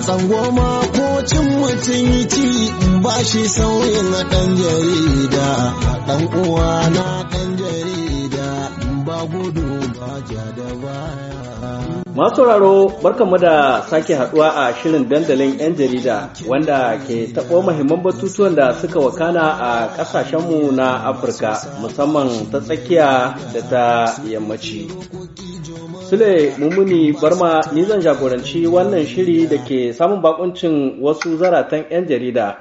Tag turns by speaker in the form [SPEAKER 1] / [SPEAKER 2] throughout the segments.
[SPEAKER 1] tsangoma ko cin mutunci in ba shi sauyi na ɗan jarida a ɗan uwa na ɗan jarida ba gudu Masu raro barkanmu da sake haduwa a shirin dandalin 'yan jarida wanda ke taɓo mahimman batutuwan da suka wakana a ƙasashenmu na Afirka musamman ta tsakiya da ta yammaci. Sule Mummuni Barma ni zan jagoranci wannan shiri da ke samun bakuncin wasu zaratan 'yan jarida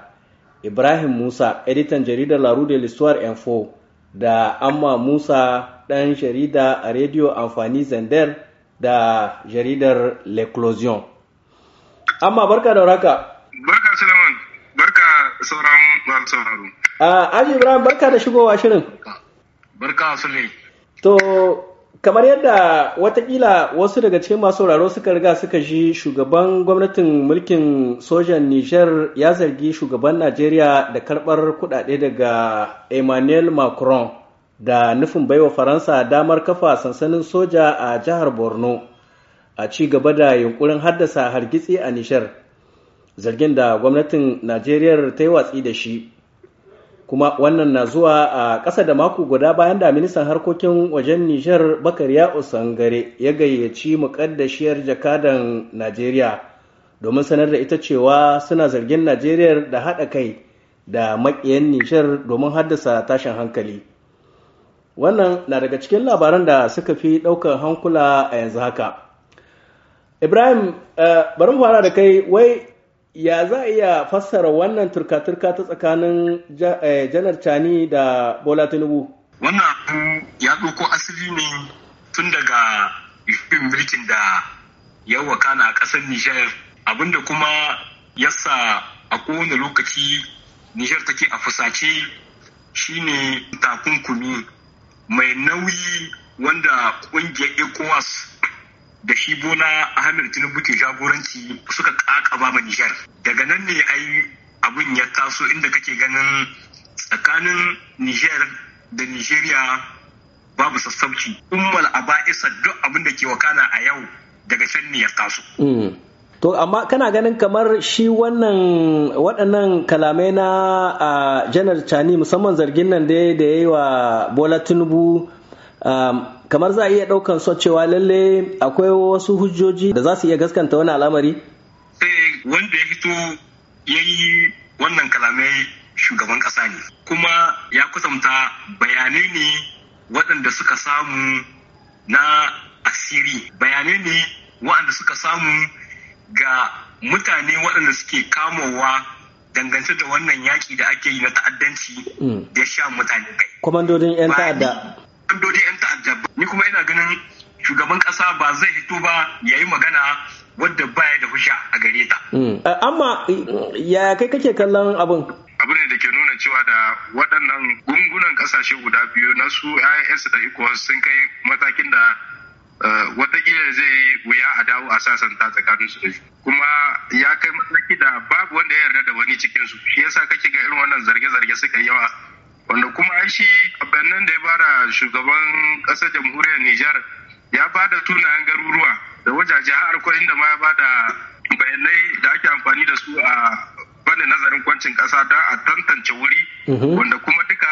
[SPEAKER 1] Ibrahim Musa editan jaridar Larude Lissuwar Info da Amma Musa ɗan jarida a rediyo amfani zander da jaridar l'eclosion amma barka da raka barka suleiman barka sauran masu sauraro ah, aji ibrahim barka da shigowa shirin
[SPEAKER 2] barka sule
[SPEAKER 1] to kamar yadda watakila wasu daga cikin masu sauraro suka riga suka ji shugaban gwamnatin mulkin sojan niger ya zargi shugaban najeriya da karbar kudade daga emmanuel macron da nufin baiwa faransa damar kafa sansanin soja a jihar borno a ci gaba da yunkurin haddasa hargitsi a nishar zargin da gwamnatin najeriya ta yi watsi da shi kuma wannan na zuwa a ƙasa da mako guda bayan da ministan harkokin wajen nijar bakariya Usangare ya gayyaci muƙaddashiyar jakadan najeriya domin sanar da ita cewa suna zargin najeriya da haɗa kai da maƙiyan nishar domin haddasa tashin hankali wannan na daga cikin labaran da suka fi ɗaukar hankula a yanzu haka ibrahim eh, bari mu fara da kai wai ya za a iya fassara wannan turka-turka ta tsakanin eh, janar cani da bola tinubu wannan ya ɗauko asiri
[SPEAKER 3] ne tun daga yufin mulkin da ya wakana a ƙasar nijar abinda kuma yasa a kowane lokaci nijar take a fusace shine takunkumi mai nauyi wanda kungiyar ecowas da shi bola ahmed tinubu ke jagoranci suka kakaba ma nijar daga nan ne ai abin ya taso inda kake ganin tsakanin nijar da nigeria babu sassauci ummal isa duk abin da ke wakana a yau daga can ne ya taso
[SPEAKER 1] mm. To amma kana ganin kamar shi wannan waɗannan kalamai na a janar cani musamman zargin nan da ya yi wa Bola Tinubu kamar za a iya ɗaukan so cewa lalle akwai wasu hujjoji da za su iya gaskanta wani al'amari?
[SPEAKER 3] Eh wanda ya fito ya yi wannan kalamai shugaban ƙasa ne kuma ya kusanta bayanai ne waɗanda suka samu na asiri bayanai ne waɗanda suka samu ga mutane waɗanda suke kamowa dangance da wannan yaƙi da ake yi na ta'addanci mm. da sha mutane kai.
[SPEAKER 1] Kwamandodin 'yan ta'adda.
[SPEAKER 3] Kwamandodin 'yan ta'adda. Ni kuma ina ganin shugaban ƙasa ba zai hito ba ya yi magana wadda baya da fusha a
[SPEAKER 2] gare ta.
[SPEAKER 1] Mm. Eh, amma ya kai kake kallon abin?
[SPEAKER 2] Abu ne da ke nuna cewa da waɗannan gungunan ƙasashe guda biyu na su 'ya'yansu da ikon sun kai matakin da Eh, watakila zai yi wuya a dawo a sasanta tsakanin su da shi. kuma ya kai mataki da babu wanda ya yarda da wani cikin su shi yasa kake ga irin wannan zarge-zarge suka yawa wanda kuma shi nan da ya bada shugaban ƙasar jamhuriyar Nijar ya bada tunayen garuruwa da wajaje har ko inda ma ya bada bayanai da ake amfani da su a fannin nazarin kwancin ƙasa don a tantance wuri mhm. wanda kuma duka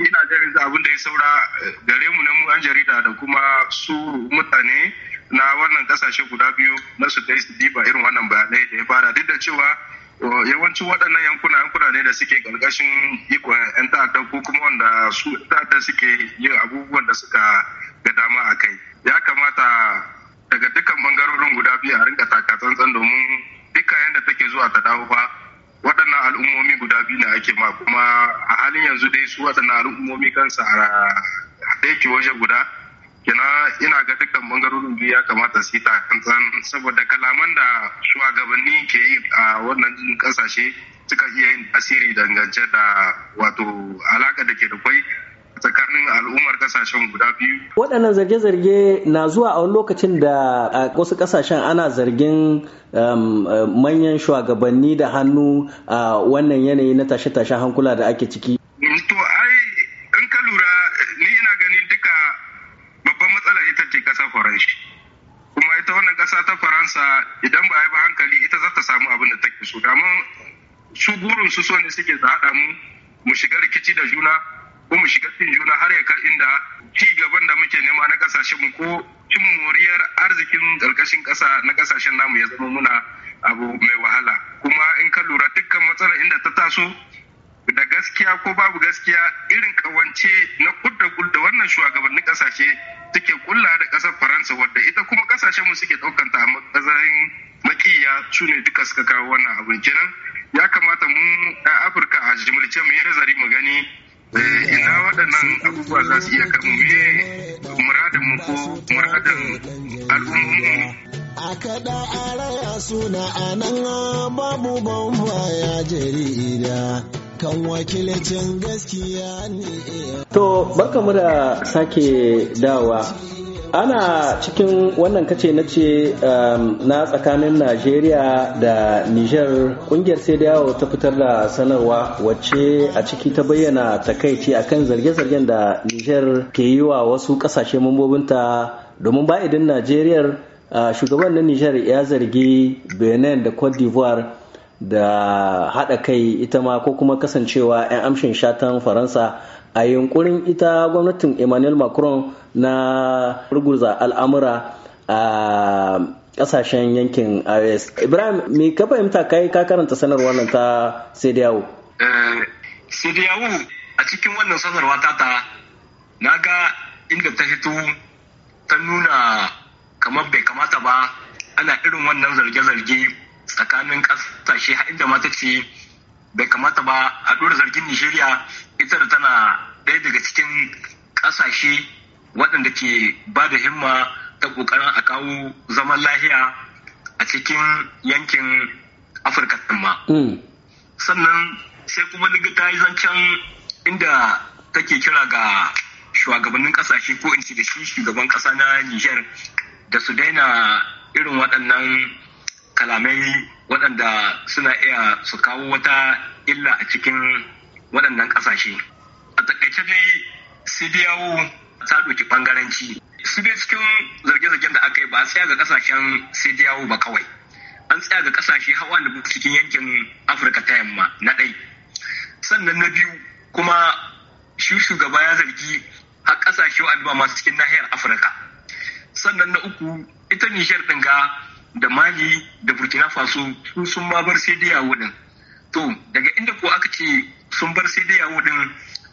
[SPEAKER 2] ina ganin abin da ya saura eh, gare mu na mu an jarida da kuma su mutane na wannan kasashe guda biyu na su dai su diba irin wannan bayanai da ya fara duk da cewa eh, yawancin waɗannan yankuna yankuna ne da suke ƙarƙashin ikon 'yan ta'adda ko kuma wanda su ta'adda suke yin abubuwan da suka ga dama a kai ya kamata daga dukkan bangarorin guda biyu a rinka taka tsantsan domin dukkan yadda take zuwa ta dawo ba waɗannan al'ummomi guda biyu ne ake ma kuma a halin yanzu dai su waɗannan al'ummomi kansa a haɗe waje guda kina ina ga dukkan bangarorin biyu ya kamata su yi takantsan saboda kalaman da shugabanni ke yi a wannan kasashe suka iya yin tasiri dangance da wato alaka da ke da kwai
[SPEAKER 1] tsakanin al'ummar kasashen guda biyu. Waɗannan zarge-zarge na zuwa a wani lokacin da a wasu kasashen ana zargin um, uh, manyan shugabanni da hannu a wannan yanayi na tashe-tashen hankula da ake ciki.
[SPEAKER 2] Mm, to ai in ka lura ni ina ganin duka babban matsala ita ce ƙasar Faransa. Kuma ita wannan ƙasa ta Faransa idan ba a yi ba hankali ita za ta samu abin da take so. Daman su burin su so ne suke haɗa mu mu shiga rikici da juna ko mu shiga cin juna har ya kai inda ci gaban da muke nema na kasashen mu ko cin moriyar arzikin karkashin kasa na kasashen namu ya zama muna abu mai wahala kuma in ka lura dukkan matsalar inda ta taso da gaskiya ko babu gaskiya irin kawance na kudda kudda wannan shugabannin kasashe suke kulla da kasar faransa wadda ita kuma kasashen mu suke ta a matsayin makiya su ne duka suka kawo wannan abin kenan ya kamata mu a afirka a jimilce mu yi nazari mu gani Eh, ina waɗannan abubuwa za su iya kamu me muradin mu ko
[SPEAKER 1] muradin al'ummu a kaɗa a raya suna a nan babu bamba ya jarida kan wakilcin gaskiya ne to barkamu da sake dawa ana cikin wannan kace na ce um, na tsakanin najeriya da niger kungiyar sai ta fitar da sanarwa wacce a ciki ta bayyana takaici akan zarge-zargen da niger ke yi wa wasu kasashe mambobinta domin ba idan najeriyar uh, shugaban na niger ya zargi benin da cote d'ivoire da haɗa kai ita ma ko kuma kasancewa 'yan amshin shatan faransa a yunkurin ita gwamnatin emmanuel macron na ruguza al'amura a kasashen yankin ios ibrahim me ka fahimta kai ka karanta sanarwar nan ta sediyawo eh, sediyawo
[SPEAKER 3] a cikin wannan sanarwa ta ta na ga inda ta fito ta nuna kamar bai kamata ba ana irin wannan zarge-zarge tsakanin kasashe inda mata ce bai kamata ba a ɗora zargin Nijeriya ita da tana ɗaya daga cikin ƙasashe waɗanda ke ba da himma ta ƙoƙarin a kawo zaman lahiya a cikin yankin Afirka ma. Mm. Sannan sai kuma liga ta yi zancen inda take kira ga shugabannin ƙasashe ko in ce da shi shugaban ƙasa na Nijar da su daina irin waɗannan kalamai waɗanda suna iya su kawo wata illa a cikin waɗannan ƙasashe a takaice dai cdao ta ɗauki ɓangaranci su dai cikin zarge-zargen da aka yi ba a tsaya ga ƙasashen cdao ba kawai an tsaya ga ƙasashe hawa da cikin yankin afirka ta yamma na ɗai sannan na biyu kuma shi shugaba ya zargi har ƙasashe ba masu cikin nahiyar afirka sannan na uku ita nishiyar ɗin ga da mali da burkina faso su sun ma bar sai dai to daga inda ko aka ce sun bar sai dai yawo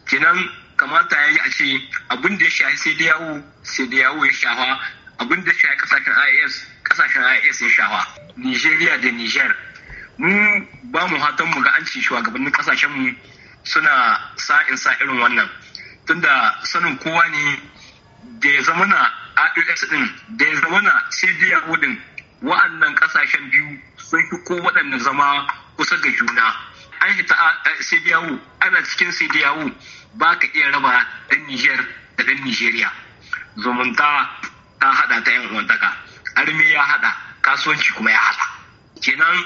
[SPEAKER 3] kenan kamata ya yi a ce abin da ya shafi sai dai yawo sai dai yawo ya shafa abin da ya shafi kasashen IAS kasashen IAS ya shafa Nigeria da Niger mu ba mu hatan mu ga an ci shugabannin kasashen mu suna sa'in sa irin wannan tunda sanin kowa ne da ya zama na IAS din da ya zama na sai dai yawo wa'annan kasashen biyu sun fi ko waɗanda zama kusa ga juna an hita sidiyawu ana cikin sidiyawu ba ka iya raba ɗan niger da ɗan nijeriya zumunta ta haɗa ta yan wantaka, arme ya haɗa kasuwanci kuma ya haɗa kenan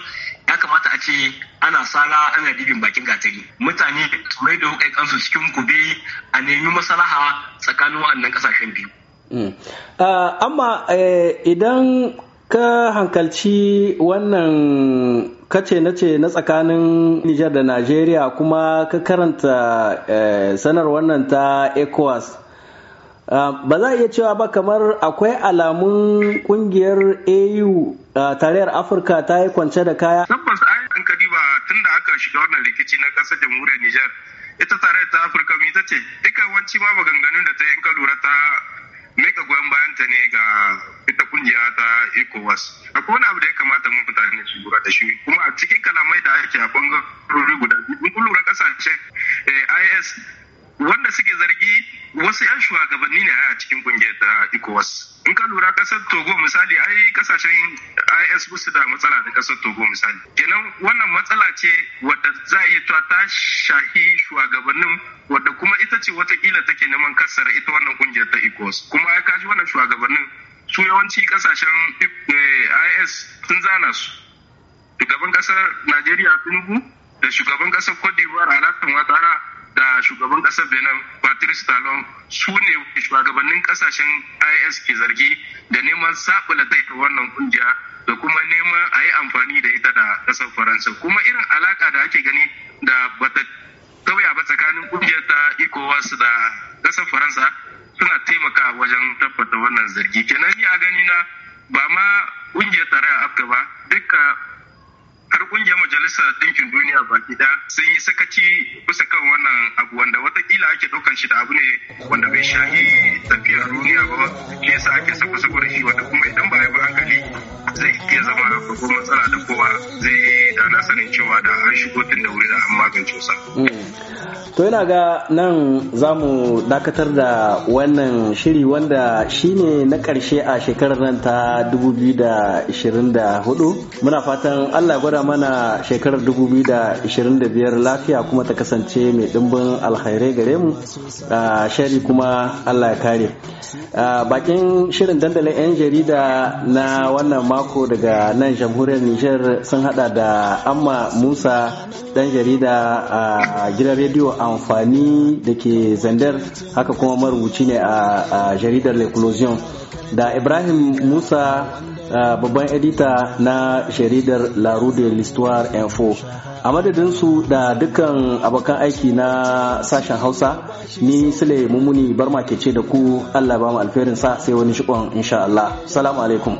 [SPEAKER 3] ya kamata a ce ana sara ana dibin bakin gatari mutane mai da hukai cikin kube a nemi masalaha tsakanin wa'annan kasashen biyu
[SPEAKER 1] mm. ah, amma eh, idan ka hankalci wannan kace na ce na tsakanin Nijar da Najeriya kuma ka karanta eh, sanar wannan ta ECOWAS ah, ba za a iya cewa ba kamar akwai alamun kungiyar AU ah, tarayyar Afirka ta yi kwance da kaya. Tabbas
[SPEAKER 2] ai an ka diba tun da aka shiga wannan rikici na ƙasar jamhuriyar Nijar ita tarayyar ta Afirka mai ta ce duka wanci ba maganganun da ta yanka lura ta mika goyon bayanta ne ga kungiya ta ECOWAS. Akwai wani abu da ya kamata mu mutane su lura da shi kuma a cikin kalamai da ake a bangarori guda biyu kun lura kasashen eh, IS wanda suke zargi wasu 'yan shugabanni ne a cikin kungiyar ta ECOWAS. In ka lura kasar Togo misali ai kasashen IS su da matsala da kasar Togo misali. Kenan wannan matsala ce wadda za a yi ta shahi shugabannin wadda kuma ita ce watakila take neman kasar ita wannan kungiyar ta ECOWAS. Kuma ya kashi wannan shugabannin su yawanci kasashen eh, is sun zana su shugaban kasar najeriya tinubu da shugaban kasar cote d'ivoire alasan watara da shugaban kasar benin patrice talon su ne shugabannin kasashen is ke zargi da neman sabula ta wannan kungiya da kuma neman a yi amfani da ita da kasar faransa kuma irin alaka da ake gani da bata kauya ba tsakanin kungiyar ta ecowas da kasar faransa suna taimaka wajen tabbata wannan zargi kenan ni a gani na ba ma kungiyar tarayya afka ba duka har kungiyar majalisar dinkin duniya baki ɗaya sun yi sakaci bisa kan wannan abu wanda watakila ake ɗaukan shi da abu ne wanda bai shahi tafiyar duniya ba ne sa ake saka sako da shi wanda kuma idan ba a yi ba hankali zai iya zama babban matsala da kowa zai da na sanin cewa da an shigo tun da wuri da an magance sa.
[SPEAKER 1] Hmm. to yana ga nan za mu dakatar da wannan shiri wanda shi ne na ƙarshe a shekarar nan ta 2024 muna fatan allah gwada mana shekarar 2025 lafiya kuma ta kasance mai dimbin alkhairai gare mu a shari kuma allah ya kare bakin shirin dandalin 'yan jarida na wannan mako daga nan jamhuriyar nijar sun hada da amma musa dan jarida a gidan rediyo amfani da ke zandar haka kuma marubuci ne a jaridar l'eclosion da ibrahim musa babban edita na jaridar la rue de l'histoire info a madadinsu da dukkan abokan aiki na sashen hausa ni sule mumuni barma ke ce da ku allah ba mu alferin sa sai wani shikon insha allah salamu alaikum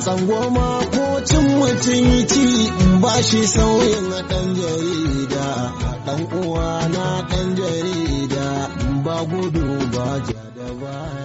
[SPEAKER 1] tsangoma mutum ba shi sauyin ɗan jarida ɗan uwa na ɗan jarida ba gudu ba jada ba